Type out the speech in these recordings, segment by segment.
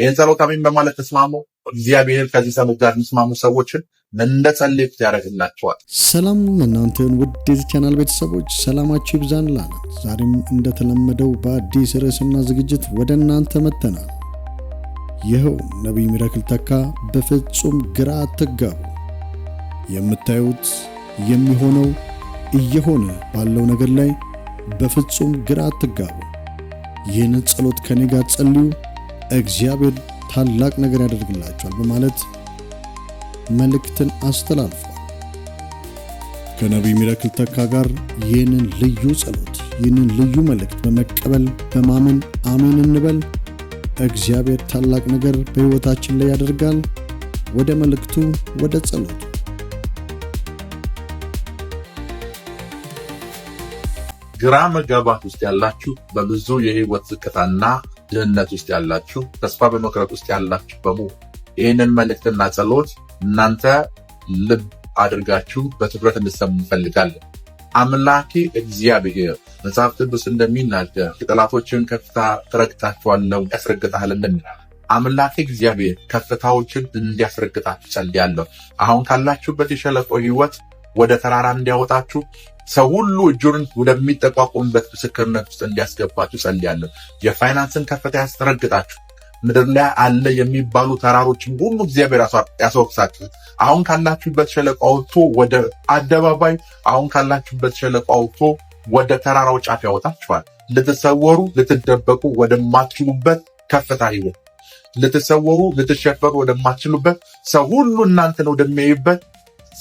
ይህን ጸሎት አሜን በማለት ተስማሙ። እግዚአብሔር ከዚህ ሰሎት ጋር የሚስማሙ ሰዎችን እንደጸለዩት ያደርግላቸዋል። ሰላም እናንተን ውድ የዚህ ቻናል ቤተሰቦች ሰላማችሁ ይብዛን እላለን። ዛሬም እንደተለመደው በአዲስ ርዕስና ዝግጅት ወደ እናንተ መጥተናል። ይኸው ነቢይ ሚራክል ተካ በፍጹም ግራ አትጋቡ። የምታዩት የሚሆነው እየሆነ ባለው ነገር ላይ በፍጹም ግራ አትጋቡ። ይህን ጸሎት ከኔ ጋር ጸልዩ እግዚአብሔር ታላቅ ነገር ያደርግላቸዋል በማለት መልእክትን አስተላልፏል። ከነቢይ ሚራክል ተካ ጋር ይህንን ልዩ ጸሎት፣ ይህንን ልዩ መልእክት በመቀበል በማመን አሜን እንበል። እግዚአብሔር ታላቅ ነገር በሕይወታችን ላይ ያደርጋል። ወደ መልእክቱ፣ ወደ ጸሎቱ ግራ መጋባት ውስጥ ያላችሁ፣ በብዙ የህይወት ዝቅታና ድህነት ውስጥ ያላችሁ፣ ተስፋ በመቅረት ውስጥ ያላችሁ በሙሉ ይህንን መልእክትና ጸሎት እናንተ ልብ አድርጋችሁ በትኩረት እንድትሰሙ እንፈልጋለን። አምላኪ እግዚአብሔር መጽሐፍ ቅዱስ እንደሚናገር ጠላቶችን ከፍታ ትረግጣቸዋለሁ ያስረግጣል እንደሚል አምላኬ እግዚአብሔር ከፍታዎችን እንዲያስረግጣችሁ ጸልያለሁ። አሁን ካላችሁበት የሸለቆ ህይወት ወደ ተራራ እንዲያወጣችሁ ሰው ሁሉ እጁን ወደሚጠቋቁምበት ምስክርነት ውስጥ እንዲያስገባችሁ ጸልያለሁ። የፋይናንስን ከፍታ ያስረግጣችሁ። ምድር ላይ አለ የሚባሉ ተራሮችን ሁሉ እግዚአብሔር ያስወቅሳችሁ። አሁን ካላችሁበት ሸለቆ አውጥቶ ወደ አደባባይ፣ አሁን ካላችሁበት ሸለቆ አውጥቶ ወደ ተራራው ጫፍ ያወጣችኋል። ልትሰወሩ ልትደበቁ ወደማትችሉበት ከፍታ ይወ ልትሰወሩ ልትሸፈሩ ወደማትችሉበት ሰው ሁሉ እናንተን ወደሚያዩበት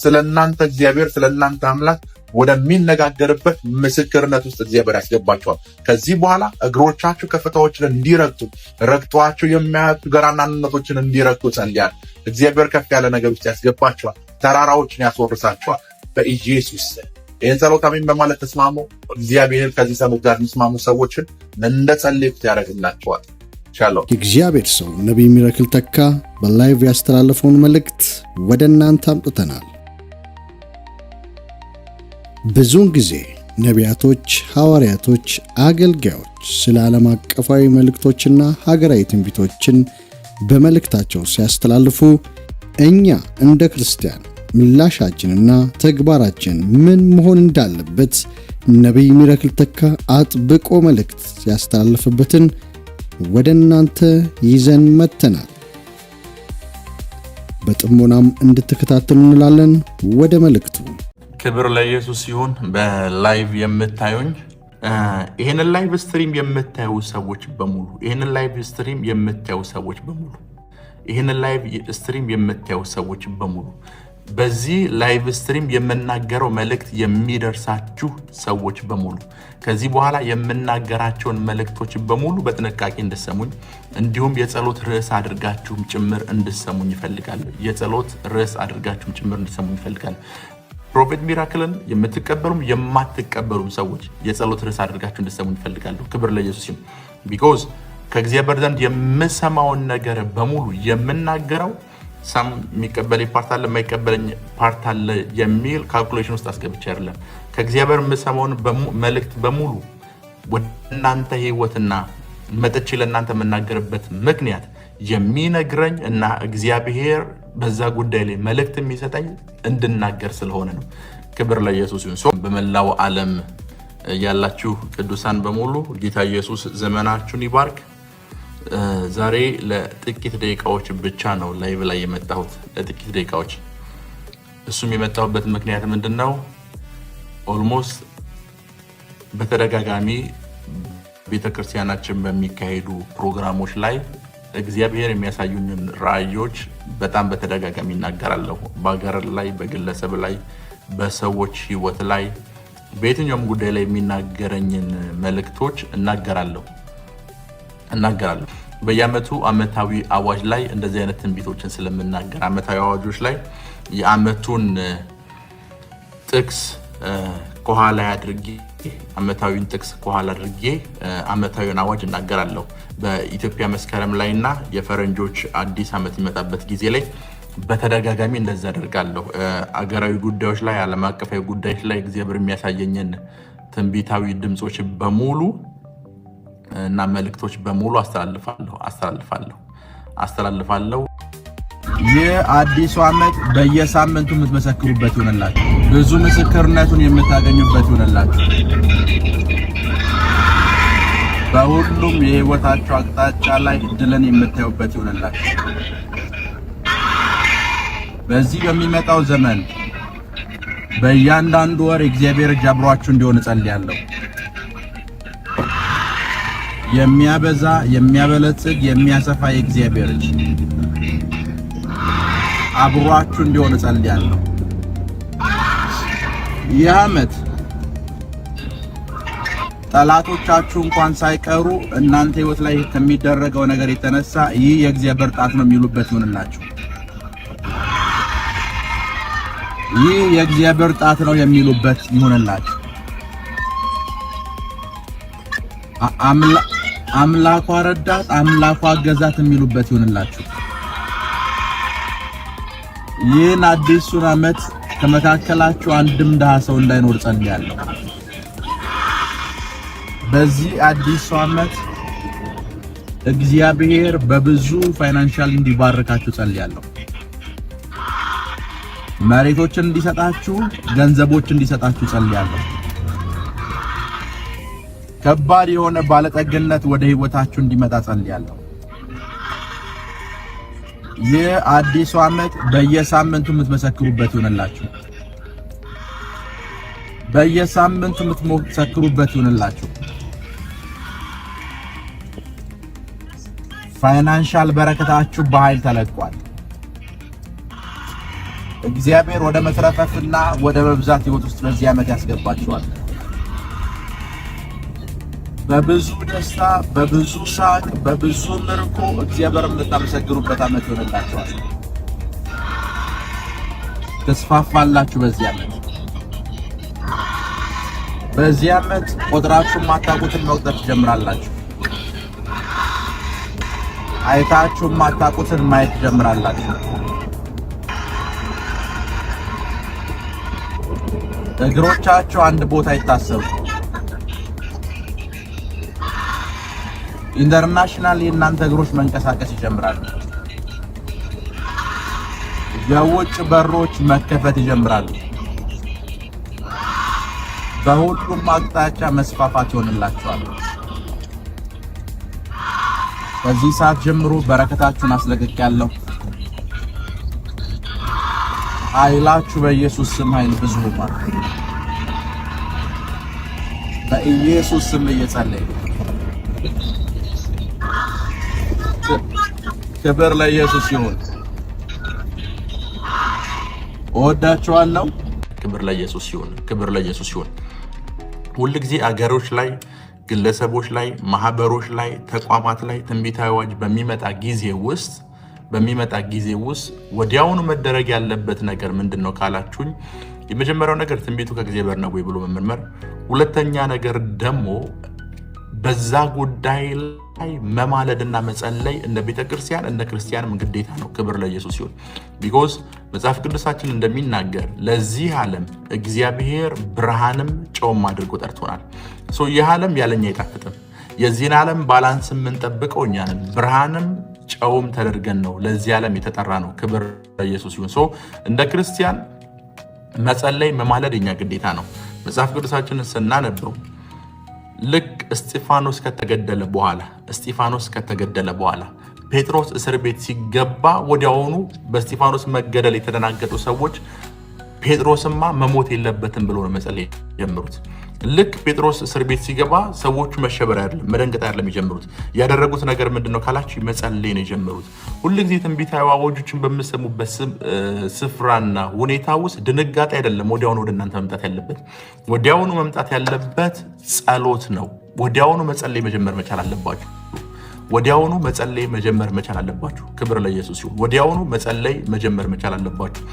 ስለ እናንተ እግዚአብሔር ስለ እናንተ አምላክ ወደሚነጋገርበት ምስክርነት ውስጥ እግዚአብሔር ያስገባቸዋል። ከዚህ በኋላ እግሮቻችሁ ከፍታዎችን እንዲረግጡ ረግጧቸው የሚያዩት ገራናንነቶችን እንዲረግጡ ጸልያል። እግዚአብሔር ከፍ ያለ ነገር ውስጥ ያስገባቸዋል። ተራራዎችን ያስወርሳቸዋል በኢየሱስ ይህን ጸሎት አሜን በማለት ተስማሙ። እግዚአብሔር ከዚህ ሰሙት ጋር የሚስማሙ ሰዎችን እንደ ጸለይኩት ያደረግላቸዋል። ሻለው የእግዚአብሔር ሰው ነቢይ ሚራክል ተካ በላይቭ ያስተላለፈውን መልእክት ወደ እናንተ አምጥተናል። ብዙውን ጊዜ ነቢያቶች፣ ሐዋርያቶች፣ አገልጋዮች ስለ ዓለም አቀፋዊ መልእክቶችና ሀገራዊ ትንቢቶችን በመልእክታቸው ሲያስተላልፉ እኛ እንደ ክርስቲያን ምላሻችንና ተግባራችን ምን መሆን እንዳለበት ነቢይ ሚራክል ተካ አጥብቆ መልእክት ሲያስተላልፍበትን ወደ እናንተ ይዘን መጥተናል። በጥሞናም እንድትከታተሉ እንላለን። ወደ መልእክቱ ክብር ለኢየሱስ ይሁን። በላይቭ የምታዩኝ ይህንን ላይቭ ስትሪም የምታዩ ሰዎች በሙሉ ይህንን ላይቭ ስትሪም የምታዩ ሰዎች በሙሉ ይህንን ላይቭ ስትሪም የምታዩ ሰዎች በሙሉ በዚህ ላይቭ ስትሪም የምናገረው መልእክት የሚደርሳችሁ ሰዎች በሙሉ ከዚህ በኋላ የምናገራቸውን መልእክቶች በሙሉ በጥንቃቄ እንድሰሙኝ እንዲሁም የጸሎት ርዕስ አድርጋችሁም ጭምር እንድሰሙኝ ይፈልጋለሁ። የጸሎት ርዕስ አድርጋችሁም ጭምር እንድሰሙኝ ይፈልጋለሁ። ፕሮፌት ሚራክልን የምትቀበሉም የማትቀበሉም ሰዎች የጸሎት ርዕስ አድርጋችሁ እንድሰሙ እንፈልጋለሁ። ክብር ለኢየሱስ ይሁን። ቢኮዝ ከእግዚአብሔር ዘንድ የምሰማውን ነገር በሙሉ የምናገረው ሳም የሚቀበል ፓርት አለ የማይቀበለኝ ፓርት አለ የሚል ካልኩሌሽን ውስጥ አስገብቻ አይደለም። ከእግዚአብሔር የምሰማውን መልእክት በሙሉ ወደ እናንተ ህይወትና መጥቼ ለእናንተ የምናገርበት ምክንያት የሚነግረኝ እና እግዚአብሔር በዛ ጉዳይ ላይ መልእክት የሚሰጠኝ እንድናገር ስለሆነ ነው። ክብር ለኢየሱስ ይሁን። በመላው ዓለም ያላችሁ ቅዱሳን በሙሉ ጌታ ኢየሱስ ዘመናችሁን ይባርክ። ዛሬ ለጥቂት ደቂቃዎች ብቻ ነው ላይቭ ላይ የመጣሁት፣ ለጥቂት ደቂቃዎች። እሱም የመጣሁበት ምክንያት ምንድን ነው? ኦልሞስት በተደጋጋሚ ቤተክርስቲያናችን በሚካሄዱ ፕሮግራሞች ላይ እግዚአብሔር የሚያሳዩንን ራእዮች በጣም በተደጋጋሚ ይናገራለሁ። በሀገር ላይ፣ በግለሰብ ላይ፣ በሰዎች ህይወት ላይ በየትኛውም ጉዳይ ላይ የሚናገረኝን መልእክቶች እናገራለሁ እናገራለሁ። በየአመቱ አመታዊ አዋጅ ላይ እንደዚህ አይነት ትንቢቶችን ስለምናገር አመታዊ አዋጆች ላይ የአመቱን ጥቅስ ከኋላ አድርጌ አመታዊን ጥቅስ ከኋላ አድርጌ አመታዊን አዋጅ እናገራለሁ። በኢትዮጵያ መስከረም ላይ እና የፈረንጆች አዲስ ዓመት የሚመጣበት ጊዜ ላይ በተደጋጋሚ እንደዚህ አደርጋለሁ። አገራዊ ጉዳዮች ላይ፣ ዓለም አቀፋዊ ጉዳዮች ላይ እግዚአብሔር የሚያሳየኝን ትንቢታዊ ድምፆች በሙሉ እና መልእክቶች በሙሉ አስተላልፋለሁ አስተላልፋለሁ አስተላልፋለሁ የአዲሱ ዓመት በየሳምንቱ የምትመሰክሩበት ይሆንላችሁ። ብዙ ምስክርነቱን የምታገኙበት ይሆንላችሁ። በሁሉም የህይወታችሁ አቅጣጫ ላይ እድልን የምታዩበት ይሆንላችሁ። በዚህ በሚመጣው ዘመን በእያንዳንዱ ወር እግዚአብሔር እጅ አብሯችሁ እንዲሆን እጸልያለሁ። የሚያበዛ የሚያበለጽግ የሚያሰፋ የእግዚአብሔር እጅ አብሯችሁ እንዲሆን እጸልያለሁ። ይህ ዓመት ጠላቶቻችሁ እንኳን ሳይቀሩ እናንተ ህይወት ላይ ከሚደረገው ነገር የተነሳ ይህ የእግዚአብሔር ጣት ነው የሚሉበት ይሁንላችሁ። ይህ የእግዚአብሔር ጣት ነው የሚሉበት ይሆንላችሁ አምላኳ ረዳት፣ አምላኳ አገዛት የሚሉበት ይሁንላችሁ። ይህን አዲሱን ዓመት ከመካከላችሁ አንድም ድሃ ሰው እንዳይኖር ጸልያለሁ። በዚህ አዲሱ ዓመት እግዚአብሔር በብዙ ፋይናንሻል እንዲባርካችሁ ጸልያለሁ። መሬቶችን እንዲሰጣችሁ፣ ገንዘቦች እንዲሰጣችሁ ጸልያለሁ። ከባድ የሆነ ባለጠግነት ወደ ህይወታችሁ እንዲመጣ ጸልያለሁ። የአዲሱ ዓመት በየሳምንቱ የምትመሰክሩበት ይሆንላችሁ። በየሳምንቱ የምትመሰክሩበት ይሆንላችሁ። ፋይናንሻል በረከታችሁ በኃይል ተለቋል። እግዚአብሔር ወደ መትረፈፍና ወደ መብዛት ህይወት ውስጥ በዚህ ዓመት ያስገባችኋል። በብዙ ደስታ፣ በብዙ ሳቅ፣ በብዙ ምርኮ እግዚአብሔር ልታመሰግኑበት ዓመት ይሆንላችኋል። ተስፋፋላችሁ። በዚህ ዓመት በዚህ ዓመት ቆጥራችሁ ማታቁትን መቁጠር ትጀምራላችሁ። አይታችሁ ማታቁትን ማየት ትጀምራላችሁ። እግሮቻችሁ አንድ ቦታ ይታሰሩ። ኢንተርናሽናል የእናንተ እግሮች መንቀሳቀስ ይጀምራሉ። የውጭ በሮች መከፈት ይጀምራሉ። በሁሉም አቅጣጫ መስፋፋት ይሆንላችኋል። በዚህ ሰዓት ጀምሮ በረከታችሁን አስለቅቄያለሁ። ኃይላችሁ በኢየሱስ ስም ኃይል ብዙ ሆኗል። በኢየሱስ ስም እየጸለየ ክብር ለኢየሱስ ይሁን። እወዳችኋለሁ። ክብር ለኢየሱስ ይሁን። ክብር ለኢየሱስ ይሁን። ሁልጊዜ አገሮች ላይ ግለሰቦች ላይ ማህበሮች ላይ ተቋማት ላይ ትንቢታዊ አዋጅ በሚመጣ ጊዜ ውስጥ በሚመጣ ጊዜ ውስጥ ወዲያውኑ መደረግ ያለበት ነገር ምንድን ነው ካላችሁኝ፣ የመጀመሪያው ነገር ትንቢቱ ከእግዚአብሔር ነው ወይ ብሎ መመርመር። ሁለተኛ ነገር ደግሞ በዛ ጉዳይ ላይ መማለድና መጸለይ እንደ ቤተ ክርስቲያን እንደ ክርስቲያንም ግዴታ ነው። ክብር ለኢየሱስ ይሁን። ቢኮዝ መጽሐፍ ቅዱሳችን እንደሚናገር ለዚህ ዓለም እግዚአብሔር ብርሃንም ጨውም አድርጎ ጠርቶናል። ይህ ዓለም ያለኛ አይጣፍጥም። የዚህን ዓለም ባላንስ የምንጠብቀው እኛንም ብርሃንም ጨውም ተደርገን ነው ለዚህ ዓለም የተጠራ ነው። ክብር ለኢየሱስ ይሁን። እንደ ክርስቲያን መጸለይ መማለድ የኛ ግዴታ ነው። መጽሐፍ ቅዱሳችንን ስናነበው ልክ እስጢፋኖስ ከተገደለ በኋላ እስጢፋኖስ ከተገደለ በኋላ ጴጥሮስ እስር ቤት ሲገባ ወዲያውኑ በእስጢፋኖስ መገደል የተደናገጡ ሰዎች ጴጥሮስማ መሞት የለበትም ብሎ ነው መጸለይ ጀምሩት። ልክ ጴጥሮስ እስር ቤት ሲገባ ሰዎቹ መሸበር አይደለም መደንገጥ አይደለም የጀምሩት። ያደረጉት ነገር ምንድን ነው ካላችሁ መጸለይ ነው የጀምሩት። ሁልጊዜ ትንቢታዊ አዋጆችን በምሰሙበት ስፍራና ሁኔታ ውስጥ ድንጋጤ አይደለም ወዲያውኑ ወደ እናንተ መምጣት ያለበት። ወዲያውኑ መምጣት ያለበት ጸሎት ነው። ወዲያውኑ መጸለይ መጀመር መቻል አለባችሁ። ወዲያውኑ መጸለይ መጀመር መቻል አለባችሁ። ክብር ለኢየሱስ ይሁን። ወዲያውኑ መጸለይ መጀመር መቻል አለባችሁ።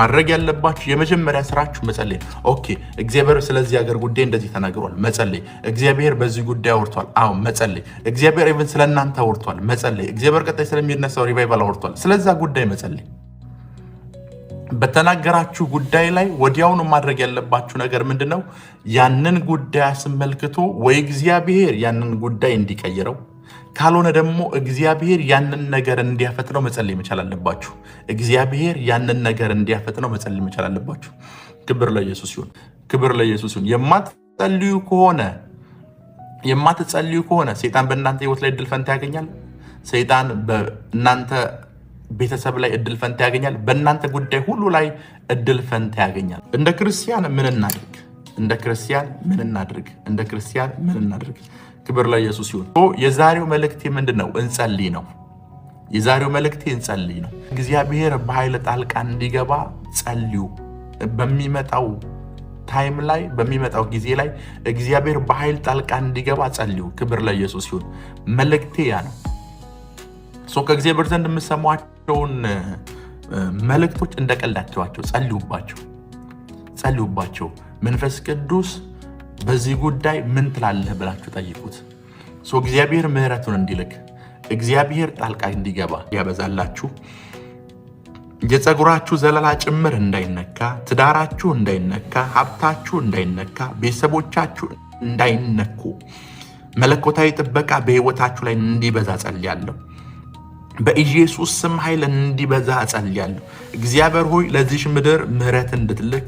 ማድረግ ያለባችሁ የመጀመሪያ ስራችሁ መጸለይ። ኦኬ፣ እግዚአብሔር ስለዚህ ሀገር ጉዳይ እንደዚህ ተናግሯል፣ መጸለይ። እግዚአብሔር በዚህ ጉዳይ አውርቷል፣ አዎ፣ መጸለይ። እግዚአብሔር ኢቨን ስለእናንተ አውርቷል፣ መጸለይ። እግዚአብሔር ቀጣይ ስለሚነሳው ሪቫይቫል አውርቷል፣ ስለዛ ጉዳይ መጸለይ። በተናገራችሁ ጉዳይ ላይ ወዲያውኑ ማድረግ ያለባችሁ ነገር ምንድን ነው? ያንን ጉዳይ አስመልክቶ ወይ እግዚአብሔር ያንን ጉዳይ እንዲቀይረው ካልሆነ ደግሞ እግዚአብሔር ያንን ነገር እንዲያፈጥነው መጸለይ መቻል አለባችሁ። እግዚአብሔር ያንን ነገር እንዲያፈጥነው መጸለይ መቻል አለባችሁ። ክብር ለኢየሱስ ይሁን፣ ክብር ለኢየሱስ ይሁን። የማትጸልዩ ከሆነ የማትጸልዩ ከሆነ ሰይጣን በእናንተ ህይወት ላይ እድል ፈንታ ያገኛል። ሰይጣን በእናንተ ቤተሰብ ላይ እድል ፈንታ ያገኛል። በእናንተ ጉዳይ ሁሉ ላይ እድል ፈንታ ያገኛል። እንደ ክርስቲያን ምን እናድርግ? እንደ ክርስቲያን ምን እናድርግ? እንደ ክርስቲያን ምን እናድርግ? ክብር ለኢየሱስ ይሁን። የዛሬው መልእክቴ ምንድን ነው? እንጸልይ ነው። የዛሬው መልእክቴ እንጸልይ ነው። እግዚአብሔር በኃይለ ጣልቃ እንዲገባ ጸልዩ። በሚመጣው ታይም ላይ በሚመጣው ጊዜ ላይ እግዚአብሔር በኃይል ጣልቃ እንዲገባ ጸልዩ። ክብር ለኢየሱስ ይሁን። መልእክቴ ያ ነው። ከእግዚአብሔር ዘንድ የምሰማቸው ያላቸውን መልእክቶች እንደቀላቸዋቸው ጸልዩባቸው፣ ጸልዩባቸው። መንፈስ ቅዱስ በዚህ ጉዳይ ምን ትላለህ ብላችሁ ጠይቁት። እግዚአብሔር ምሕረቱን እንዲልክ እግዚአብሔር ጣልቃ እንዲገባ ያበዛላችሁ፣ የፀጉራችሁ ዘለላ ጭምር እንዳይነካ፣ ትዳራችሁ እንዳይነካ፣ ሀብታችሁ እንዳይነካ፣ ቤተሰቦቻችሁ እንዳይነኩ፣ መለኮታዊ ጥበቃ በሕይወታችሁ ላይ እንዲበዛ ጸልያለሁ። በኢየሱስ ስም ኃይል እንዲበዛ እጸልያለሁ። እግዚአብሔር ሆይ ለዚሽ ምድር ምሕረት እንድትልክ፣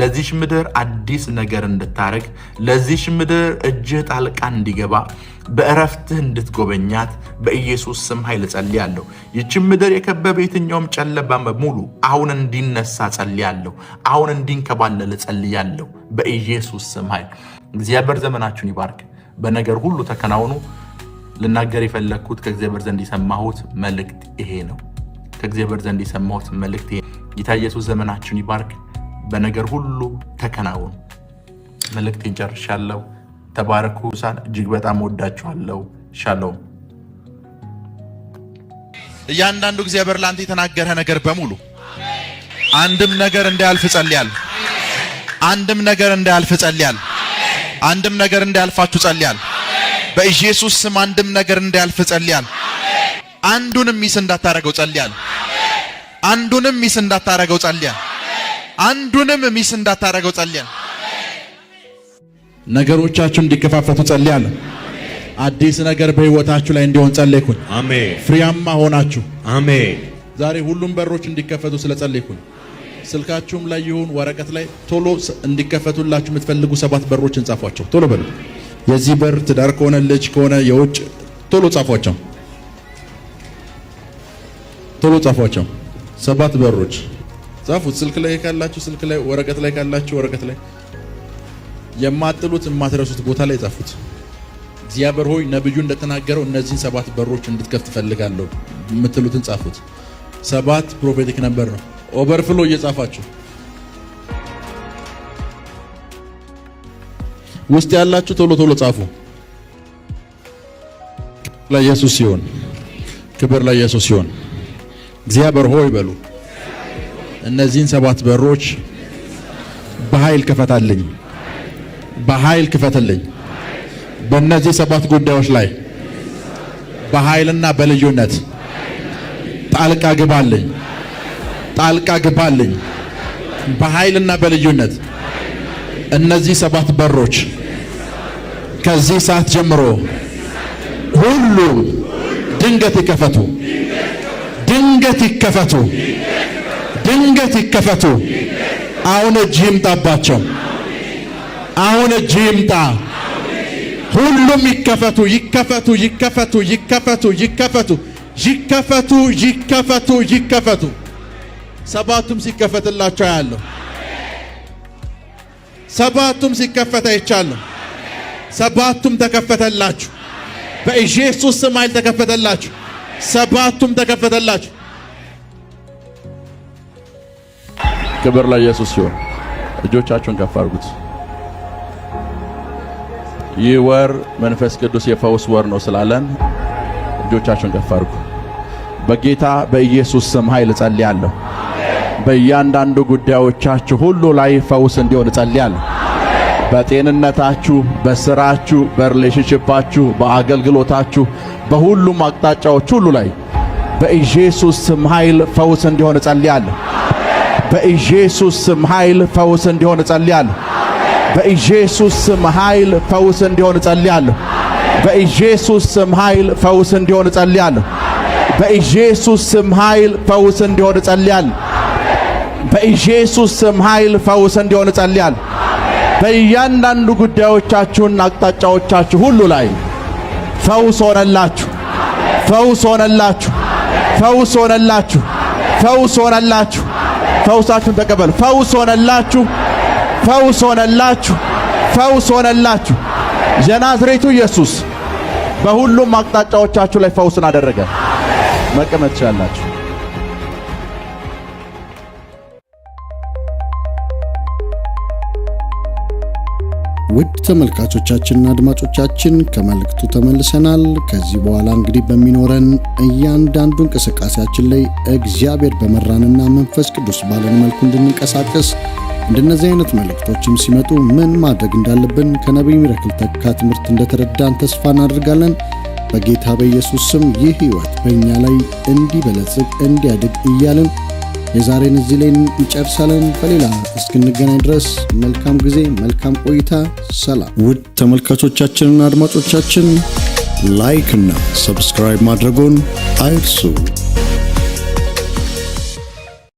ለዚሽ ምድር አዲስ ነገር እንድታረግ፣ ለዚሽ ምድር እጅህ ጣልቃ እንዲገባ በእረፍትህ እንድትጎበኛት በኢየሱስ ስም ኃይል ጸልያለሁ። ይችን ምድር የከበበ የትኛውም ጨለማ በሙሉ አሁን እንዲነሳ ጸልያለሁ። አሁን እንዲንከባለል ጸልያለሁ በኢየሱስ ስም ኃይል። እግዚአብሔር ዘመናችሁን ይባርክ። በነገር ሁሉ ተከናውኑ። ልናገር የፈለግኩት ከእግዚአብሔር ዘንድ የሰማሁት መልእክት ይሄ ነው። ከእግዚአብሔር ዘንድ የሰማሁት መልእክት ይሄ። ጌታ ኢየሱስ ዘመናችሁን ይባርክ። በነገር ሁሉ ተከናወኑ። መልእክቴን ጨርሻለሁ። ተባረኩ። ሳን እጅግ በጣም ወዳችኋለሁ። ሻሎም። እያንዳንዱ እግዚአብሔር ለአንተ የተናገረ ነገር በሙሉ አንድም ነገር እንዳያልፍ ጸልያል። አንድም ነገር እንዳያልፍ ጸልያል። አንድም ነገር እንዳያልፋችሁ ጸልያል። በኢየሱስ ስም አንድም ነገር እንዳያልፍ ጸልያል። አንዱንም ሚስ እንዳታረገው ጸልያል። አንዱንም ሚስ እንዳታረገው ጸልያል። አንዱንም ሚስ እንዳታረገው ጸልያል። ነገሮቻችሁ እንዲከፋፈቱ ጸልያል። አዲስ ነገር በህይወታችሁ ላይ እንዲሆን ጸለይኩኝ። አሜን። ፍሬያማ ሆናችሁ አሜን። ዛሬ ሁሉም በሮች እንዲከፈቱ ስለ ስልካችሁም ላይ ይሁን ወረቀት ላይ ቶሎ እንዲከፈቱላችሁ የምትፈልጉ ሰባት በሮች እንጻፏቸው። ቶሎ በሉ። የዚህ በር ትዳር ከሆነ ልጅ ከሆነ የውጭ ቶሎ ጻፏቸው፣ ቶሎ ጻፏቸው። ሰባት በሮች ጻፉት። ስልክ ላይ ካላችሁ ስልክ ላይ፣ ወረቀት ላይ ካላችሁ ወረቀት ላይ፣ የማጥሉት የማትረሱት ቦታ ላይ ጻፉት። እግዚአብሔር ሆይ ነብዩ እንደተናገረው እነዚህን ሰባት በሮች እንድትከፍት እፈልጋለሁ የምትሉትን ጻፉት። ሰባት ፕሮፌቲክ ነበር ነው። ኦቨርፍሎ እየጻፋችሁ ውስጥ ያላችሁ ቶሎ ቶሎ ጻፉ። ለኢየሱስ ሲሆን ክብር ለኢየሱስ ሲሆን እግዚአብሔር ሆይ በሉ። እነዚህን ሰባት በሮች በኃይል ክፈታልኝ፣ በኃይል ክፈትልኝ። በእነዚህ ሰባት ጉዳዮች ላይ በኃይልና በልዩነት ጣልቃ ግባልኝ፣ ጣልቃ ግባልኝ። በኃይልና በልዩነት እነዚህ ሰባት በሮች ከዚህ ሰዓት ጀምሮ ሁሉም ድንገት ይከፈቱ፣ ድንገት ይከፈቱ፣ ድንገት ይከፈቱ። አሁን እጅ ይምጣባቸው። አሁን እጅ ይምጣ። ሁሉም ይከፈቱ፣ ይከፈቱ፣ ይከፈቱ፣ ይከፈቱ፣ ይከፈቱ፣ ይከፈቱ፣ ይከፈቱ፣ ይከፈቱ። ሰባቱም ሲከፈትላቸው ያለሁ ሰባቱም ሲከፈት አይቻለሁ። ሰባቱም ተከፈተላችሁ። በኢየሱስ ስም ኃይል ተከፈተላችሁ። ሰባቱም ተከፈተላችሁ። ክብር ለኢየሱስ ሲሆን እጆቻችሁን ከፍ አድርጉት። ይህ ወር መንፈስ ቅዱስ የፈውስ ወር ነው ስላለን እጆቻችሁን ከፍ አድርጉ። በጌታ በኢየሱስ ስም ኃይል እጸልያለሁ። በእያንዳንዱ ጉዳዮቻችሁ ሁሉ ላይ ፈውስ እንዲሆን እጸልያለሁ። በጤንነታችሁ፣ በስራችሁ፣ በሪሌሽንሽፓችሁ፣ በአገልግሎታችሁ፣ በሁሉም አቅጣጫዎች ሁሉ ላይ በኢየሱስ ስም ኃይል ፈውስ እንዲሆን እጸልያለሁ። በኢየሱስ ስም ኃይል ፈውስ እንዲሆን እጸልያለሁ። በኢየሱስ ስም ኃይል ፈውስ እንዲሆን እጸልያለሁ። በኢየሱስ ስም ኃይል ፈውስ እንዲሆን እጸልያለሁ። በኢየሱስ ስም ኃይል ፈውስ እንዲሆን እጸልያለሁ። በኢየሱስ ስም ኃይል ፈውስ እንዲሆን እጸልያለሁ። በእያንዳንዱ ጉዳዮቻችሁና አቅጣጫዎቻችሁ ሁሉ ላይ ፈውስ ሆነላችሁ፣ ፈውስ ሆነላችሁ፣ ፈውስ ሆነላችሁ፣ ፈውስ ሆነላችሁ። ፈውሳችሁን ተቀበሉ። ፈውስ ሆነላችሁ፣ ፈውስ ሆነላችሁ፣ ፈውስ ሆነላችሁ። የናዝሬቱ ኢየሱስ በሁሉም አቅጣጫዎቻችሁ ላይ ፈውስን አደረገ። መቀመጥ ትችላላችሁ። ውድ ተመልካቾቻችንና አድማጮቻችን ከመልእክቱ ተመልሰናል። ከዚህ በኋላ እንግዲህ በሚኖረን እያንዳንዱ እንቅስቃሴያችን ላይ እግዚአብሔር በመራንና መንፈስ ቅዱስ ባለን መልኩ እንድንንቀሳቀስ እንደነዚህ አይነት መልእክቶችም ሲመጡ ምን ማድረግ እንዳለብን ከነቢይ ሚራክል ተካ ትምህርት እንደተረዳን ተስፋ እናደርጋለን። በጌታ በኢየሱስ ስም ይህ ሕይወት በእኛ ላይ እንዲበለጽግ እንዲያድግ እያልን የዛሬን እዚህ ላይ እንጨርሳለን። በሌላ እስክንገናኝ ድረስ መልካም ጊዜ፣ መልካም ቆይታ። ሰላም ውድ ተመልካቾቻችንና አድማጮቻችን ላይክ እና ሰብስክራይብ ማድረጎን አይርሱ።